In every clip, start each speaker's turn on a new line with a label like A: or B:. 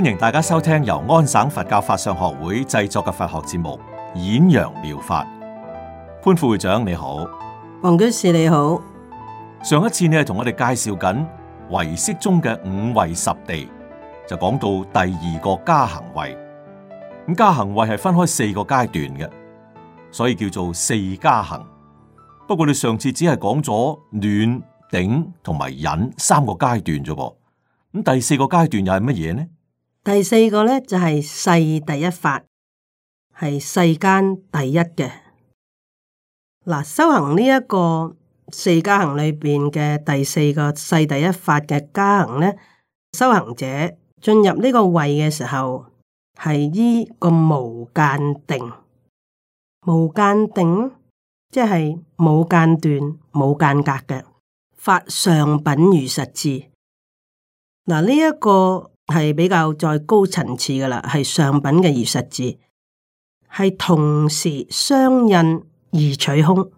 A: 歡迎大家收聽由安省佛教法相學會製作嘅佛學節目《演揚妙法》。潘副會長你好，黃居士你好。上一次你係同我哋介紹緊唯識中嘅五位十地，就講到第二個加行位。咁加行位係分開四個階段嘅，所以叫做四加行。不過你上次只係講咗暖頂同埋忍三個階段啫噃。咁第四個階段又係乜嘢呢？
B: 第四個呢，就係世第一法，係世間第一嘅。嗱，修行呢一個四加行裏邊嘅第四個世第一法嘅加行呢，修行者進入呢個位嘅時候，係依個無間定，無間定即係冇間斷、冇間隔嘅發上品如實智。嗱，呢一個。係比較再高層次噶啦，係上品嘅二十字，係同時雙印而取空。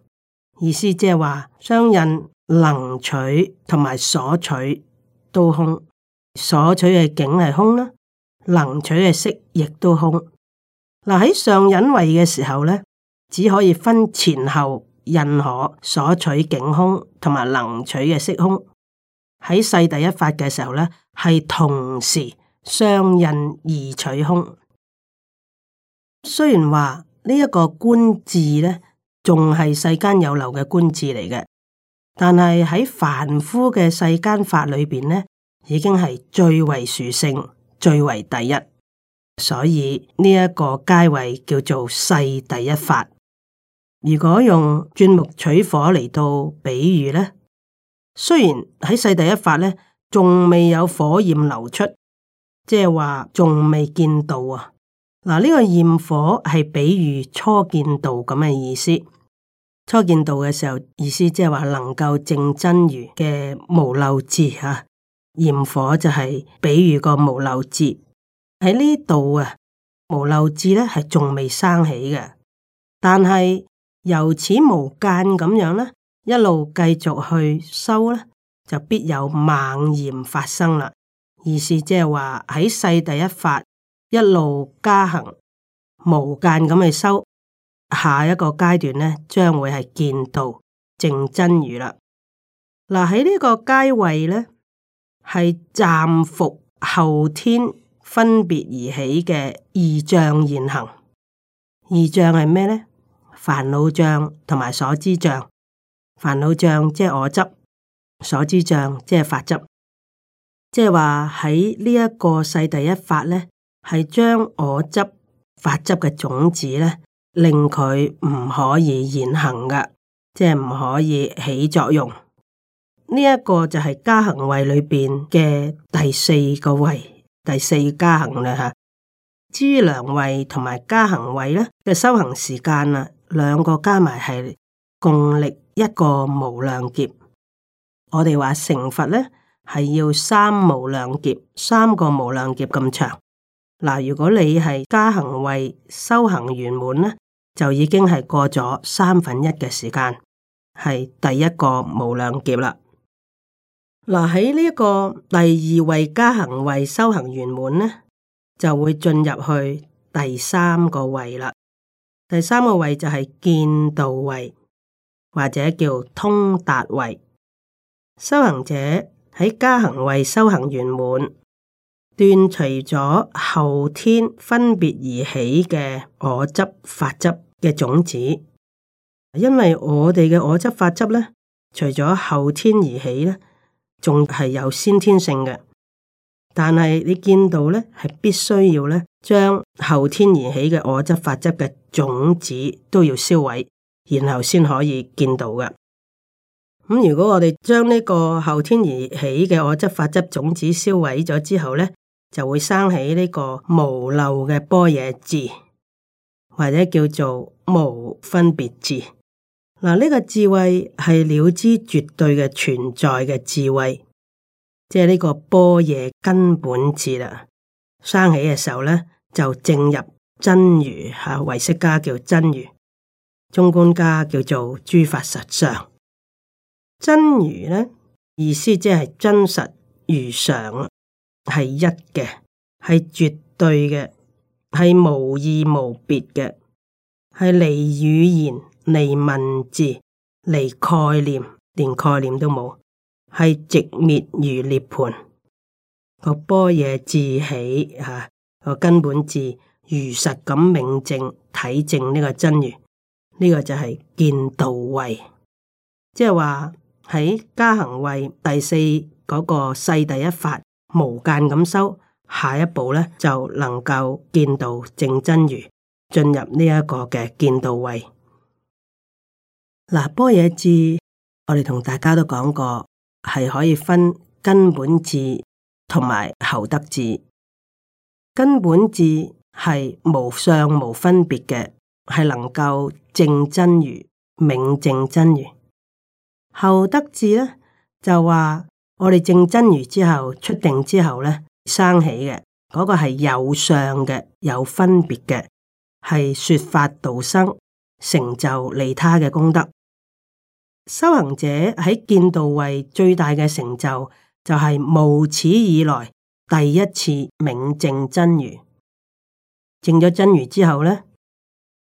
B: 意思即係話雙印能取同埋所取都空，所取嘅境係空啦，能取嘅色亦都空。嗱喺上引位嘅時候呢，只可以分前後印可所取境空同埋能取嘅色空。喺世第一法嘅時候咧，係同時相印而取空。雖然話呢一個觀智咧，仲係世間有漏嘅觀智嚟嘅，但係喺凡夫嘅世間法裏邊咧，已經係最為殊勝、最為第一。所以呢一、這個階位叫做世第一法。如果用鑽木取火嚟,到比喻咧。雖然喺世第一法咧，仲未有火焰流出，即係話仲未見到啊！嗱，呢個焰火係比喻初見道咁嘅意思。初見道嘅時候，意思即係話能夠證真如嘅無漏智啊。焰火就係比喻個無漏智喺呢度啊。無漏智咧係仲未生起嘅，但係由此無間咁樣咧。一路繼續去修呢就必有猛然發生啦。意思即係話喺世第一法一路加行無間咁去修，下一個階段呢，將會係見道正真如啦。嗱，喺呢個階位呢，係暫伏後天分別而起嘅二障現行，二障係咩呢？煩惱障同埋所知障。煩惱障即係我執，所知障即係法執，即係話喺呢一個世第一法呢，係將我執法執嘅種子呢，令佢唔可以現行噶，即係唔可以起作用。呢、這、一個就係加行位裏面嘅第四個位，第四加行啦吓。資、啊、糧位，同埋加行位呢，嘅修行時間啊，兩個加埋係共力。一個無量劫，我哋話成佛咧，係要三無量劫，三個無量劫咁長。嗱，如果你係加行為修行圓滿咧，就已經係過咗三分一嘅時間，係第一個無量劫啦。嗱，喺呢一個第二位加行為修行圓滿咧，就會進入去第三個位啦。第三個位就係見道位。或者叫通達位，修行者喺加行位修行圓滿，斷除咗後天分別而起嘅我執法執嘅種子。因為我哋嘅我執法執呢，除咗後天而起呢，仲係有先天性嘅。但係你見到呢，係必須要呢將後天而起嘅我執法執嘅種子都要銷毀。然後先可以見到噶、嗯。如果我哋將呢個後天而起嘅我執法執種子燒毀咗之後呢，就會生起呢個無漏嘅般若智，或者叫做無分別智。嗱、嗯，呢、這個智慧係了知絕對嘅存在嘅智慧，即係呢個般若根本智啦。生起嘅時候呢，就證入真如，吓唯識家叫真如。中觀家叫做諸法實相真如咧，意思即係真實如常啊，係一嘅，係絕對嘅，係無二無別嘅，係離語言、離文字、離概念，連概念都冇，係直滅如涅槃個般若自起吓個根本自如實咁明證睇證呢個真如。呢個就係見道位，即係話喺加行位第四嗰個世第一法無間咁收。下一步咧就能夠見到正真如，進入呢一個嘅見道位。嗱、啊，般若智，我哋同大家都講過，係可以分根本智同埋後得智。根本智係無相無分別嘅。係能夠證真如、明證真如，後得智呢，就話我哋證真如之後出定之後呢，生起嘅嗰、那個係有相嘅、有分別嘅，係說法度生、成就利他嘅功德。修行者喺見道位最大嘅成就就係、是、無始以來第一次明證真如，證咗真如之後呢。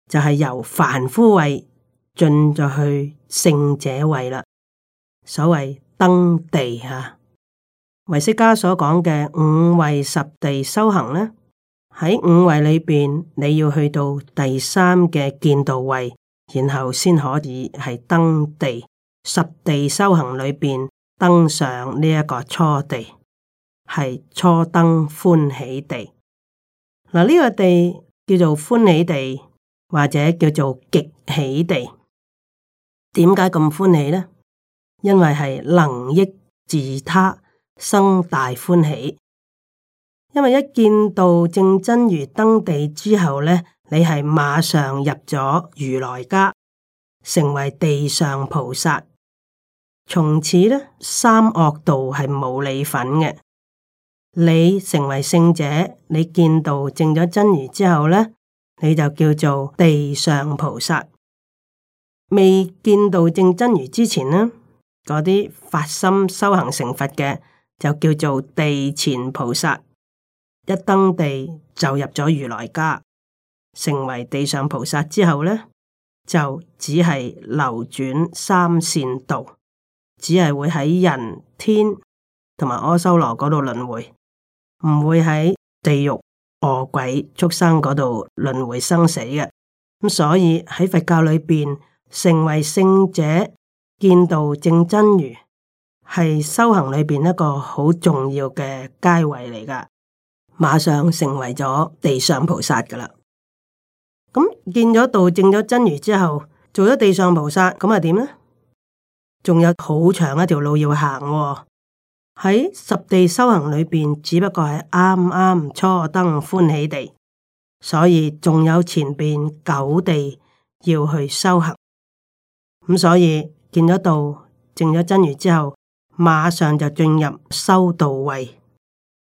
B: 就係由凡夫位進咗去聖者位啦，所謂登地啊，唯識家所講嘅五位十地修行呢，喺五位裏邊，你要去到第三嘅見道位，然後先可以係登地十地修行裏邊登上呢一個初地，係初登歡喜地。嗱、啊、呢、這個地叫做歡喜地。或者叫做極喜地，點解咁歡喜呢？因為係能益自他，生大歡喜。因為一見到正真如登地之後呢，你係馬上入咗如來家，成為地上菩薩。從此呢，三惡道係冇你份嘅。你成為聖者，你見到證咗真如之後呢。你就叫做地上菩薩，未見到正真如之前呢，嗰啲發心修行成佛嘅，就叫做地前菩薩。一登地就入咗如來家，成為地上菩薩之後呢，就只係流轉三善道，只係會喺人天同埋阿修羅嗰度輪迴，唔會喺地獄。餓鬼、畜生嗰度輪回生死嘅，咁所以喺佛教裏邊，成為聖者、見道正真如，係修行裏邊一個好重要嘅階位嚟噶。馬上成為咗地上菩薩噶啦。咁見咗道、證咗真如之後，做咗地上菩薩，咁啊點咧？仲有好長一條路要行喎。喺十地修行裏邊，只不過係啱啱初登歡喜地，所以仲有前邊九地要去修行。咁所以見咗道、證咗真如之後，馬上就進入修道位，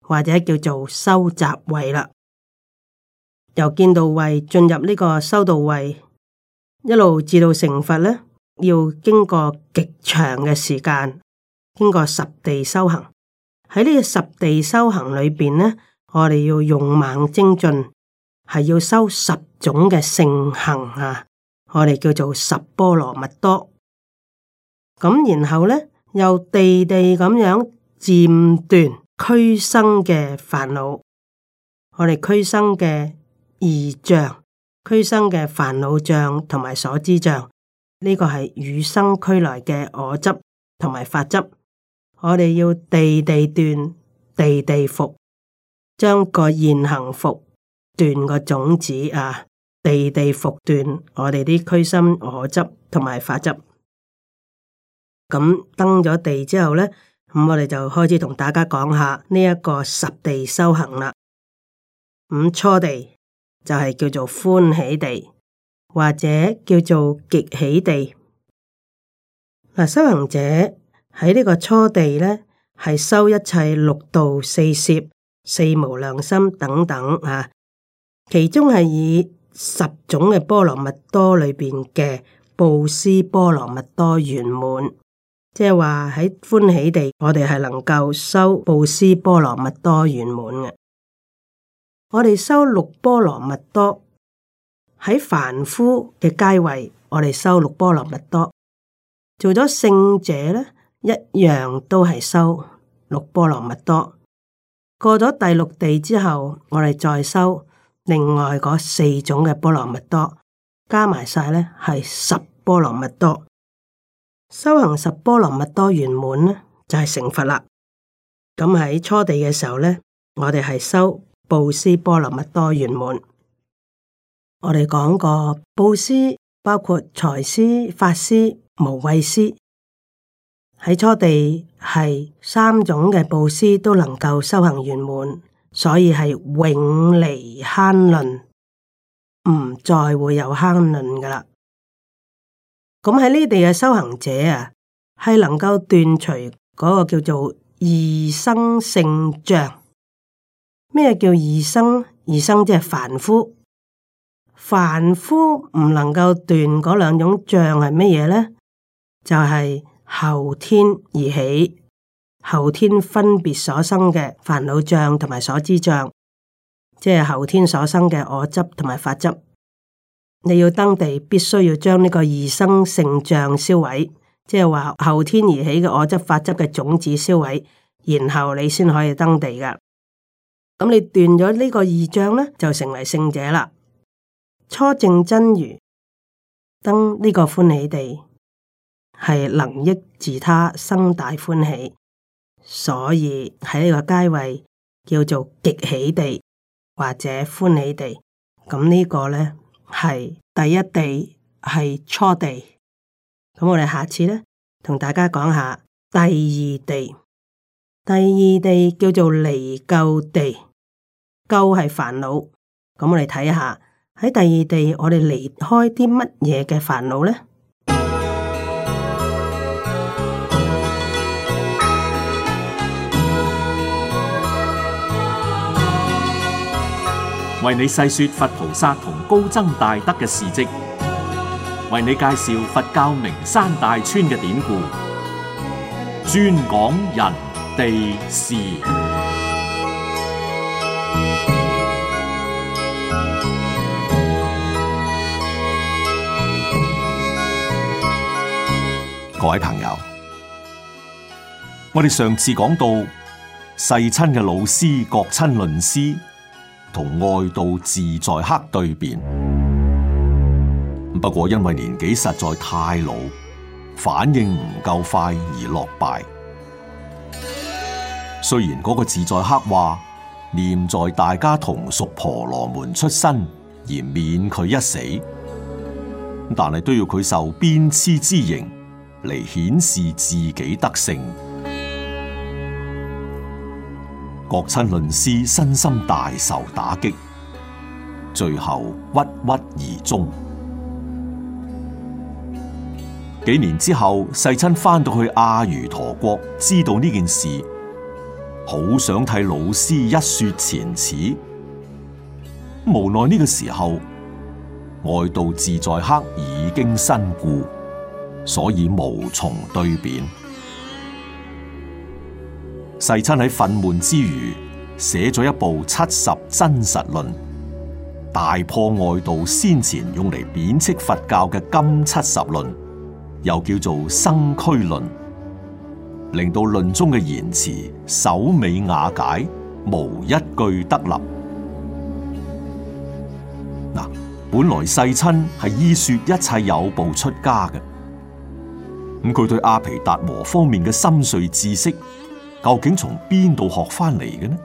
B: 或者叫做修習位啦。由見道位進入呢個修道位，一路至到成佛咧，要經過極長嘅時間。經過十地修行，喺呢個十地修行裏邊呢，我哋要勇猛精進，係要修十種嘅性行啊！我哋叫做十波羅蜜多。咁然後呢，又地地咁樣漸斷俱生嘅煩惱，我哋俱生嘅二障，俱生嘅煩惱障同埋所知障，呢、這個係與生俱來嘅我執同埋法執。我哋要地地斷地地伏，將個現行伏斷個種子啊，地地伏斷我哋啲虛心我執同埋法執。咁、嗯、登咗地之後咧，咁、嗯、我哋就開始同大家講下呢一個十地修行啦。咁、嗯、初地就係、是、叫做歡喜地，或者叫做極喜地。嗱、啊，修行者。喺呢個初地呢，係修一切六度、四攝、四無量心等等啊。其中係以十種嘅波羅蜜多裏邊嘅布施波羅蜜多圓滿，即係話喺歡喜地，我哋係能夠修布施波羅蜜多圓滿嘅。我哋修六波羅蜜多喺凡夫嘅階位，我哋修六波羅蜜多做咗聖者呢。一樣都係修六波羅蜜多。過咗第六地之後，我哋再修另外嗰四種嘅波羅蜜多，加埋晒咧係十波羅蜜多。修行十波羅蜜多圓滿咧，就係、是、成佛啦。咁喺初地嘅時候呢，我哋係修布施波羅蜜多圓滿。我哋講過布施包括財施、法施、無畏施。喺初地，係三種嘅布施都能夠修行圓滿，所以係永離慳吝，唔再會有慳吝噶喇。咁喺呢地嘅修行者啊，係能夠斷除嗰個叫做異生性障。咩叫異生？異生即係凡夫，凡夫唔能夠斷嗰兩種障係乜嘢咧？就係、是。後天而起，後天分別所生嘅煩惱障同埋所知障，即係後天所生嘅我執同埋法執。你要登地，必須要將呢個二生性障銷毀，即係話後天而起嘅我執法執嘅種子銷毀，然後你先可以登地㗎。咁你斷咗呢個二障呢，就成為聖者啦。初證真如，登呢個歡喜地。係能益自他，生大歡喜，所以喺呢個階位叫做極喜地或者歡喜地。咁呢個咧係第一地，係初地。咁我哋下次咧同大家講下第二地。第二地叫做離垢地，垢係煩惱。咁我哋睇下喺第二地，我哋離開啲乜嘢嘅煩惱咧？
A: 為你細說佛菩薩同高僧大德嘅事跡，為你介紹佛教名山大川嘅典故，專講人地事。各位朋友，我哋上次講到，世親嘅老師，國親論師。同外道自在黑對辯，不過因為年紀實在太老，反應唔夠快而落敗。雖然嗰個自在黑話念在大家同屬婆羅門出身而免佢一死，但係都要佢受鞭笞之刑嚟顯示自己得勝。國親論師身心大受打擊，最後鬱鬱而終。幾年之後，世親翻到去阿如陀國，知道呢件事，好想替老師一說前恥，無奈呢個時候，外道自在黑已經身故，所以無從對辯。世親喺憤懣之餘，寫咗一部《七十真實論》，大破外道先前用嚟貶斥佛教嘅《金七十論》，又叫做《生俱論》，令到論中嘅言辭首尾瓦解，無一句得立。嗱，本來世親係依說一切有部出家嘅，咁佢對阿毗達磨方面嘅深邃知識，究竟從邊度學翻嚟嘅呢？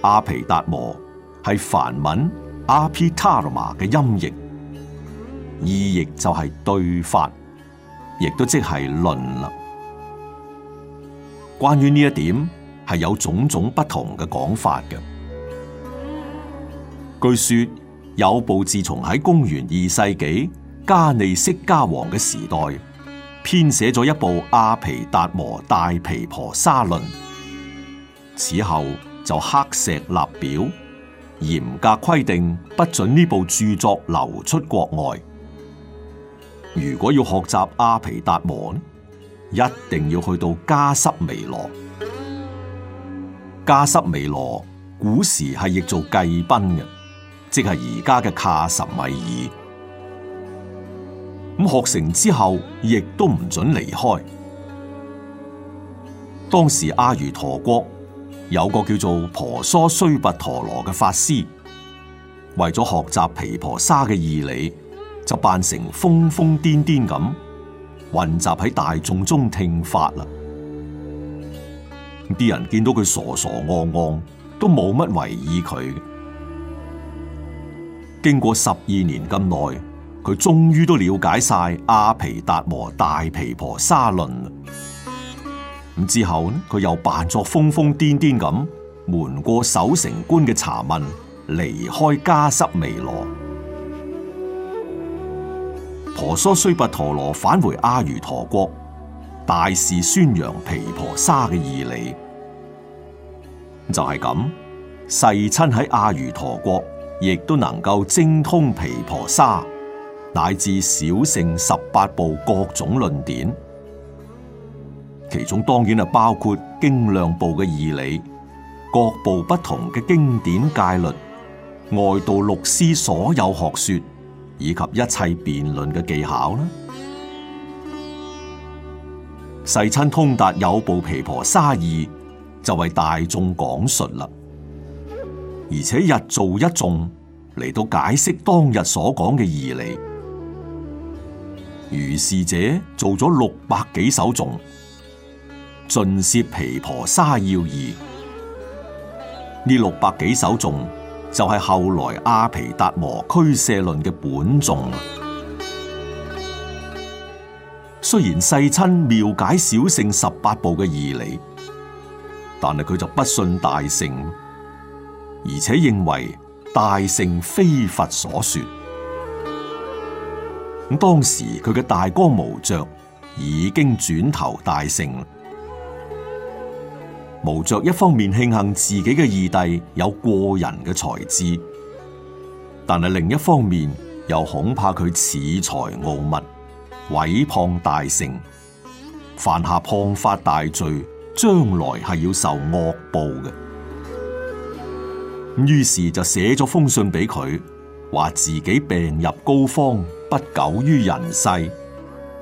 A: 阿皮達摩係梵文阿皮塔羅瑪嘅音譯，意譯就係對法，亦都即係論啦。關於呢一點，係有種種不同嘅講法嘅。據說有部自從喺公元二世紀迦膩色迦王嘅時代。編寫咗一部《阿皮達摩大皮婆沙論》，此後就刻石立表，嚴格規定不准呢部著作流出國外。如果要學習阿皮達摩，一定要去到加濕彌羅。加濕彌羅古時係譯做罽賓嘅，即係而家嘅卡什米爾。咁學成之後，亦都唔准離開。當時阿如陀國有個叫做婆娑須拔陀羅嘅法師，為咗學習琵婆沙嘅義理，就扮成瘋瘋癲癲咁，混雜喺大眾中聽法啦。啲人見到佢傻傻戇戇，都冇乜為意。佢，經過十二年咁耐。佢終於都了解晒阿皮達摩大琵婆沙論咁之後呢，佢又扮作瘋瘋癲癲咁，瞞過守城官嘅查問，離開加濕彌羅婆娑須跋陀羅返回阿如陀國，大肆宣揚皮婆沙嘅義理，就係、是、咁。世親喺阿如陀國亦都能夠精通皮婆沙。乃至小乘十八部各種論點，其中當然啊包括經量部嘅義理，各部不同嘅經典戒律，外道六師所有學說，以及一切辯論嘅技巧啦。世親通達有部毗婆沙義，就為大眾講述啦，而且日造一眾嚟到解釋當日所講嘅義理。如是者做咗六百幾首頌，盡攝皮婆沙要義。呢六百幾首頌就係後來阿皮達摩俱舍論嘅本頌。雖然世親妙解小乘十八部嘅義理，但係佢就不信大乘，而且認為大乘非佛所說。當時佢嘅大哥無著已經轉投大乘，無著一方面慶幸自己嘅二弟有過人嘅才智，但係另一方面又恐怕佢恃才傲物，毀謗大乘，犯下謗法大罪，將來係要受惡報嘅。於是就寫咗封信俾佢，話自己病入膏肓。不久於人世，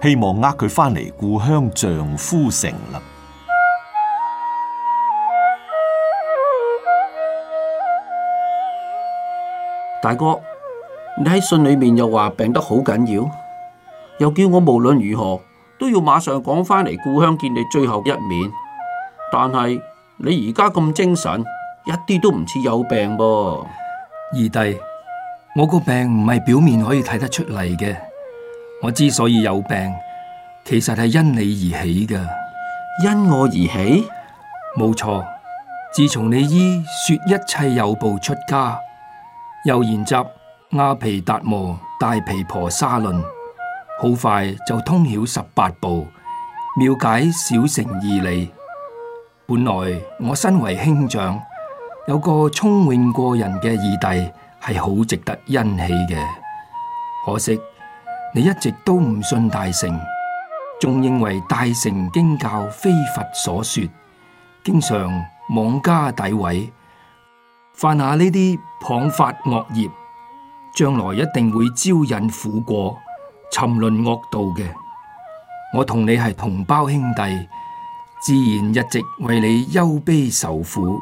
A: 希望呃，佢翻嚟故鄉丈夫城啦。
C: 大哥，你喺信裏面又話病得好緊要，又叫我無論如何都要馬上趕翻嚟故鄉見你最後一面。但係你而家咁精神，一啲都唔似有病噃，
D: 二弟。我個病唔係表面可以睇得出嚟嘅。我之所以有病，其實係因你而起嘅。因我而起？冇錯，自從你依說一切有部出家，又研習阿毗達摩、大毗婆沙論，好快就通曉十八部，妙解小乘義理。本來我身為兄長，有個聰穎過人嘅二弟。係好值得欣喜嘅，可惜你一直都唔信大乘，仲認為大乘經教非佛所說，經常妄加詆毀，犯下呢啲謗法惡業，將來一定會招引苦果，沉淪惡道嘅。我同你係同胞兄弟，自然一直為你憂悲受苦，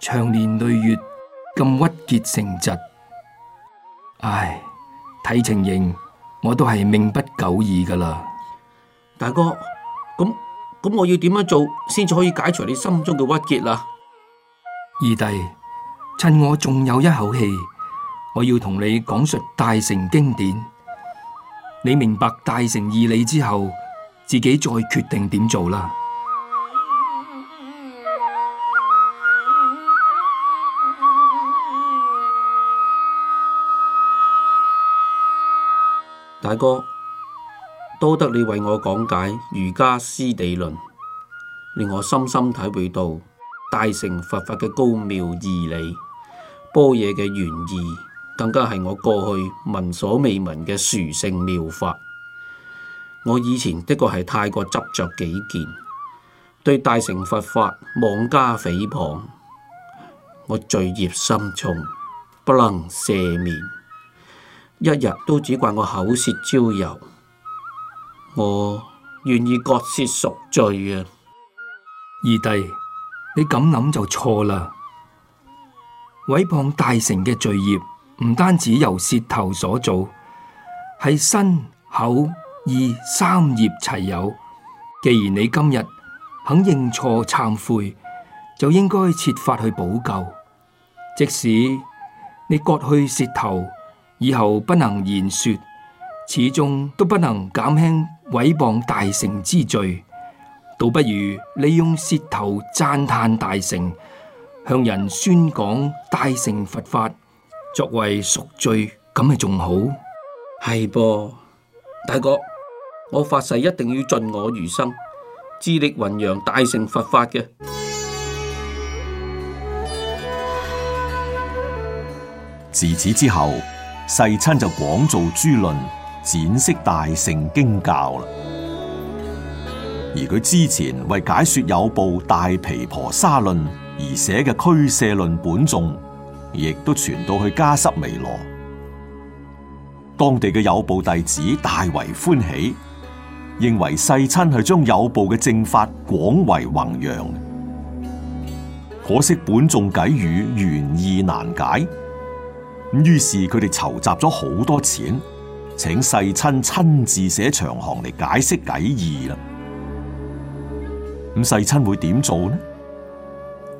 D: 長年累月。咁鬱結成疾，唉，睇情形我都係命不久矣噶啦。
C: 大哥，咁咁我要點樣做先至可以解除你心中嘅鬱結啦？
D: 二弟，趁我仲有一口氣，我要同你講述大乘經典。你明白大乘義理之後，自己再決定點做啦。
C: 大哥，多得你為我講解瑜伽師地論，令我深深體會到大乘佛法嘅高妙義理，般若嘅原義，更加係我過去聞所未聞嘅殊勝妙法。我以前的確係太過執着己見，對大乘佛法妄加誹謗，我罪孽深重，不能赦免。一日都只怪我口舌招尤，我願意割舌贖罪啊！
D: 二弟，你咁諗就錯啦！毀謗大乘嘅罪業，唔單止由舌頭所造，係身、口、意三業齊有。既然你今日肯認錯懺悔，就應該設法去補救，即使你割去舌頭。以後不能言說，始終都不能減輕毀謗大乘之罪，倒不如利用舌頭讚嘆大乘，向人宣講大乘佛法，
C: 作為贖罪，咁咪仲好？係噃，大哥，我發誓一定要盡我餘生，致力弘揚大乘佛法嘅。
A: 自此之後。世親就廣造諸論，闡釋大乘經教啦。而佢之前為解說有部大毗婆沙論而寫嘅《俱舍論》本頌，亦都傳到去加濕微羅，當地嘅有部弟子大為歡喜，認為世親係將有部嘅正法廣為弘揚。可惜本頌偈語原意難解。咁於是佢哋籌集咗好多錢，請世親親自寫長行嚟解釋偈義啦。咁世親會點做呢？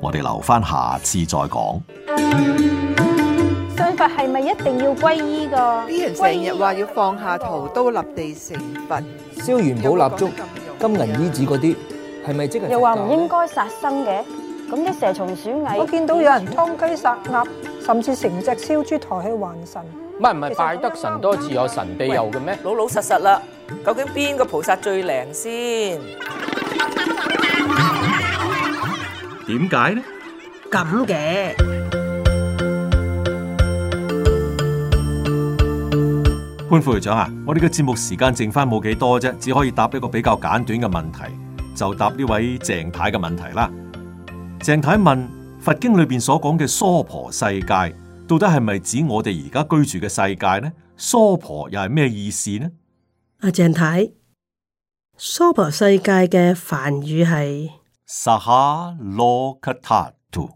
A: 我哋留翻下，下次再講。
C: 信佛係咪一定要皈依㗎？啲人成日話要放下屠刀立地成佛，
D: 燒元寶、蠟燭、金銀衣紙嗰啲，係咪即係又話唔應
C: 該殺生嘅？咁啲蛇蟲鼠蟻，我見到有人劏雞殺鴨，甚至成隻燒豬抬去還神。唔係唔係拜得神多似有、嗯、神庇佑嘅咩？老老實實啦，究竟邊個菩薩最靈先？
A: 點解呢？
B: 咁嘅
A: 潘副會長啊，我哋嘅節目時間剩翻冇幾多啫，只可以答一個比較簡短嘅問題，就答呢位鄭太嘅問題啦。鄭太問，佛經裏邊所講嘅娑婆世界，到底係咪指我哋而家居住嘅世界呢？娑婆又係咩意思呢？
B: 阿、啊、鄭太，娑婆世界嘅梵語係
A: 薩哈羅卡塔圖，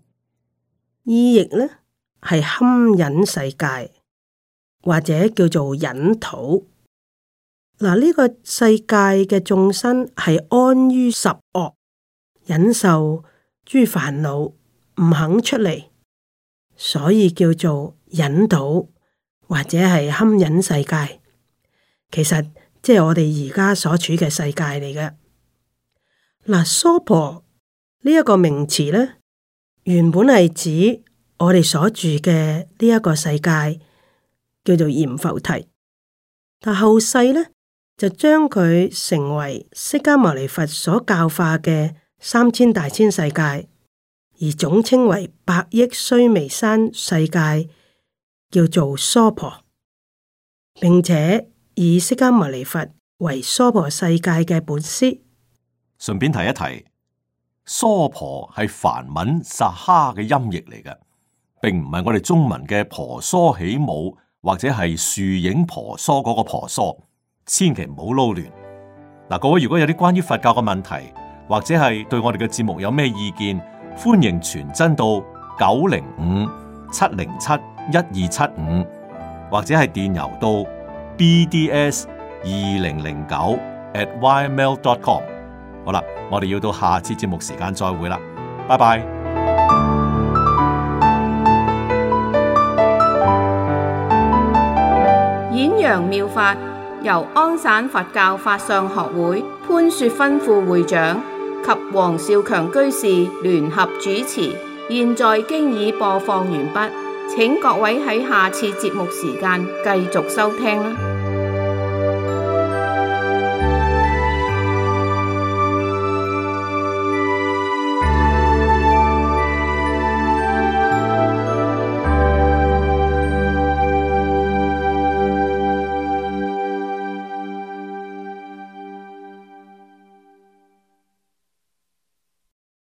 B: 意譯呢係堪忍世界，或者叫做忍土。嗱、啊、呢、這個世界嘅眾生係安於十惡，忍受諸煩惱唔肯出嚟，所以叫做引導或者係堪忍世界。其實即係我哋而家所處嘅世界嚟嘅。嗱，娑婆呢一個名詞咧，原本係指我哋所住嘅呢一個世界叫做閻浮提，但後世咧就將佢成為釋迦牟尼佛所教化嘅三千大千世界，而總稱為百億須彌山世界，叫做娑婆，並且以釋迦牟尼佛為娑婆世界嘅本師。
A: 順便提一提，娑婆係梵文薩哈嘅音譯嚟嘅，並唔係我哋中文嘅婆娑起舞或者係樹影婆娑嗰個婆娑，千祈唔好撈亂。嗱，各位如果有啲關於佛教嘅問題。或者係對我哋嘅節目有咩意見，歡迎傳真到九零五七零七一二七五，75, 或者係電郵到 bds 二零零九 @ymail.com。好啦，我哋要到下次節目時間再會啦，拜拜。
C: 演陽妙法由安省佛教法相學會潘雪芬副會長，及王少強居士聯合主持，現在經已播放完畢。請各位喺下次節目時間繼續收聽。